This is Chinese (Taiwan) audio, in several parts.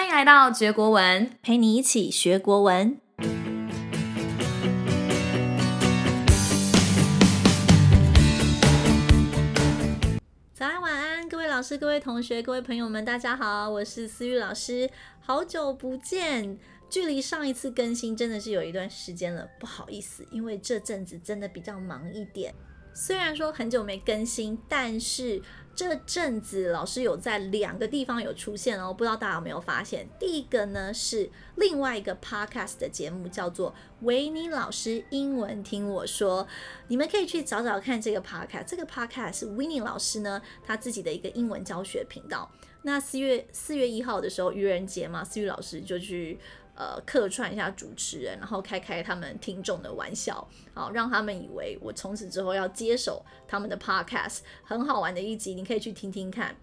歡迎來到學國文，陪你一起學國文。早安晚安，各位老師、各位同學、各位朋友們，大家好，我是思予老師，好久不見，距離上一次更新真的是有一段時間了，不好意思，因為這陣子真的比較忙一點。雖然說很久沒更新，但是這陣子老師有在兩個地方有出現哦，不知道大家有沒有發現？第一個呢，是另外一個 podcast 的節目，叫做維尼老師英文聽我說，你們可以去找找看這個 podcast。這個 podcast 是維尼老師呢，他自己的一個英文教學頻道。那四月，四月一號的時候，愚人節嘛，思予老師就去。呃，客串一下主持人，然後開開他們聽眾的玩笑，好，讓他們以為我從此之後要接手他們的 podcast，很好玩的一集，你可以去聽聽看。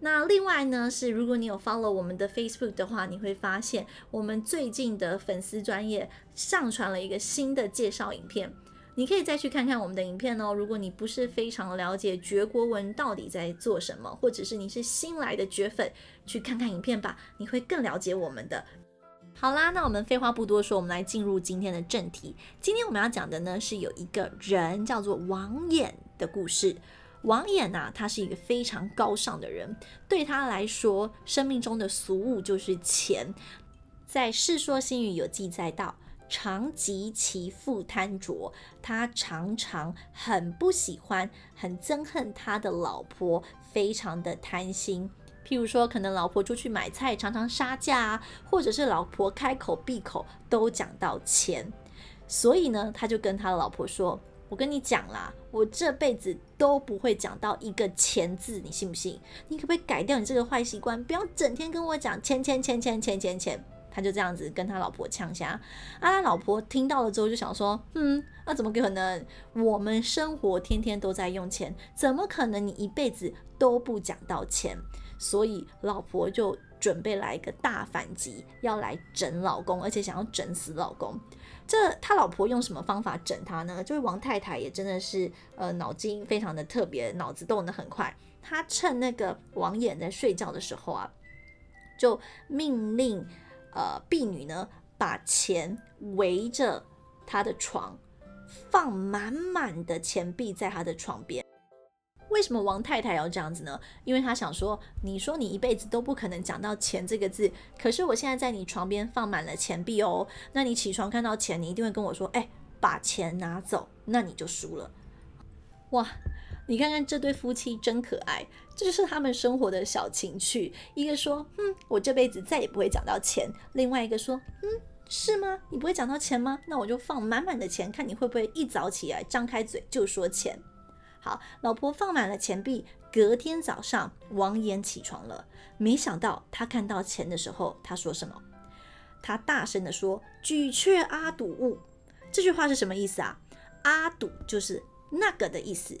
那另外呢，是如果你有 follow 我們的 Facebook 的話，你會發現我們最近的粉絲專業上傳了一個新的介紹影片，你可以再去看看我們的影片哦。如果你不是非常了解覺國文到底在做什麼，或者是你是新來的覺粉，去看看影片吧，你會更了解我們的。好啦，那我們廢話不多說，我們來進入今天的正題。今天我們要講的呢，是有一個人叫做王衍的故事。王衍啊，他是一個非常高尚的人，對他來說，生命中的俗物就是錢。在《世說新語》有記載到，常嫉其婦貪濁，他常常很不喜歡、很憎恨他的老婆，非常的貪心。譬如說，可能老婆出去買菜常常殺價啊，或者是老婆開口閉口都講到錢，所以呢，他就跟他的老婆說：“我跟你講啦，我這輩子都不會講到一個錢字，你信不信？你可不可以改掉你這個壞習慣，不要整天跟我講錢錢錢錢錢錢錢。”他就這樣子跟他老婆嗆下，啊，他老婆聽到了之後就想說，嗯，那怎麼可能？我們生活天天都在用錢，怎麼可能你一輩子都不講到錢？所以老婆就準備來一個大反擊，要來整老公，而且想要整死老公。這他老婆用什麼方法整他呢？就是王太太也真的是呃、腦筋非常的特別，腦子動得很快。她趁那個王衍在睡覺的時候啊，就命令。呃，婢女呢，把錢圍着他的床，放滿滿的錢幣在他的床邊。為什麼王太太要這樣子呢？因為她想說，你說你一輩子都不可能講到錢這個字，可是我現在在你床邊放滿了錢幣哦。那你起床看到錢，你一定會跟我說，哎，把錢拿走，那你就輸了。哇！你看看這對夫妻真可愛，這就是他們生活的小情趣。一個說：“嗯，我這輩子再也不會講到錢。”另外一個說：“嗯，是嗎？你不會講到錢嗎？那我就放滿滿的錢，看你會不會一早起來張開嘴就說錢。”好，老婆放滿了錢幣。隔天早上，王衍起床了，沒想到他看到錢的時候，他說什麼？他大聲的說：“舉卻阿堵物。”這句話是什麼意思啊？阿堵就是那個的意思。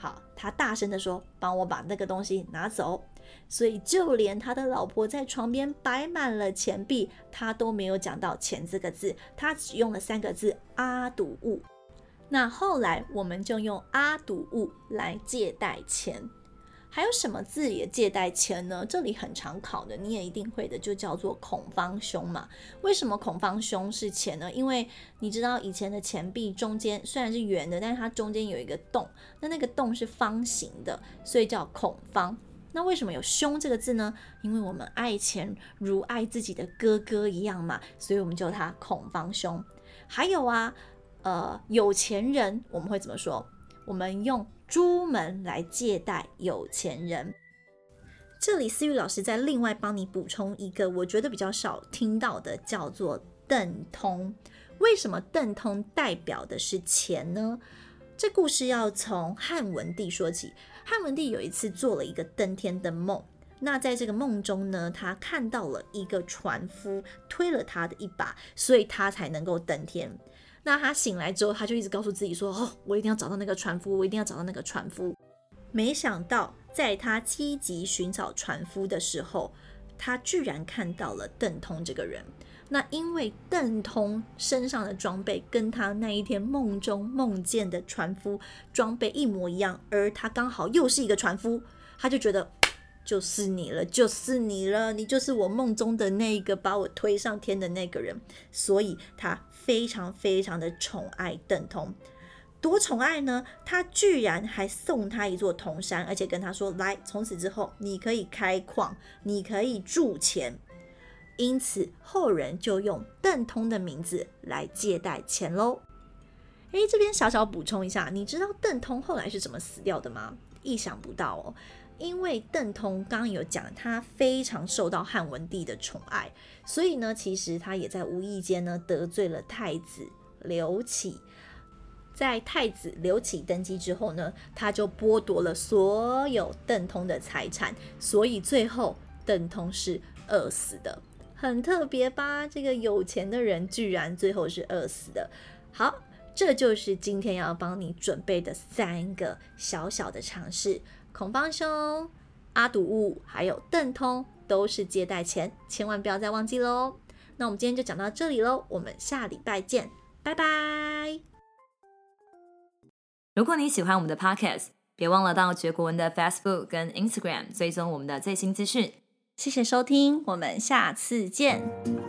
好，他大聲地說：“幫我把那個東西拿走。”所以就連他的老婆在床邊擺滿了錢幣，他都沒有講到“錢”這個字，他只用了三個字“阿堵物”。那後來我們就用“阿堵物”來借代錢。還有什麼字也借代錢呢？這裡很常考的，你也一定會的，就叫做孔方兄嘛。為什麼孔方兄是錢呢？因為你知道以前的錢幣中間雖然是圓的，但是它中間有一個洞，那那個洞是方形的，所以叫孔方。那為什麼有兄這個字呢？因為我們愛錢如愛自己的哥哥一樣嘛，所以我們叫它孔方兄。還有啊，呃，有錢人我們會怎麼說？我們用朱門來借代有錢人。這裡思予老師再另外幫你補充一個，我覺得比較少聽到的，叫做鄧通。為什麼鄧通代表的是錢呢？這故事要從漢文帝說起。漢文帝有一次做了一個登天的夢，那在這個夢中呢，他看到了一個船夫推了他的一把，所以他才能夠登天。那他醒來之後，他就一直告訴自己說：“哦，我一定要找到那個船夫，我一定要找到那個船夫。”沒想到，在他積極尋找船夫的時候，他居然看到了鄧通這個人。那因為鄧通身上的裝備跟他那一天夢中夢見的船夫裝備一模一樣，而他剛好又是一個船夫，他就覺得。就是你了，就是你了，你就是我夢中的那個把我推上天的那個人，所以他非常非常的寵愛鄧通，多寵愛呢？他居然還送他一座銅山，而且跟他說：“來，從此之後你可以開礦，你可以鑄錢。”因此後人就用鄧通的名字來借代錢嘍。誒，這邊小小補充一下，你知道鄧通後來是怎麼死掉的嗎？意想不到哦。因為鄧通剛剛有講，他非常受到漢文帝的寵愛，所以呢，其實他也在無意間呢得罪了太子劉啟。在太子劉啟登基之後呢，他就剝奪了所有鄧通的財產，所以最後鄧通是餓死的。很特別吧？這個有錢的人居然最後是餓死的。好，這就是今天要幫你準備的三個小小的常識。孔方兄，阿堵物還有鄧通都是借代錢，千萬不要再忘記嘍。那我們今天就講到這裡嘍，我們下禮拜見，拜拜。如果你喜歡我們的 podcast，別忘了到覺國文的 Facebook 跟 Instagram 追蹤我們的最新資訊。謝謝收聽，我們下次見。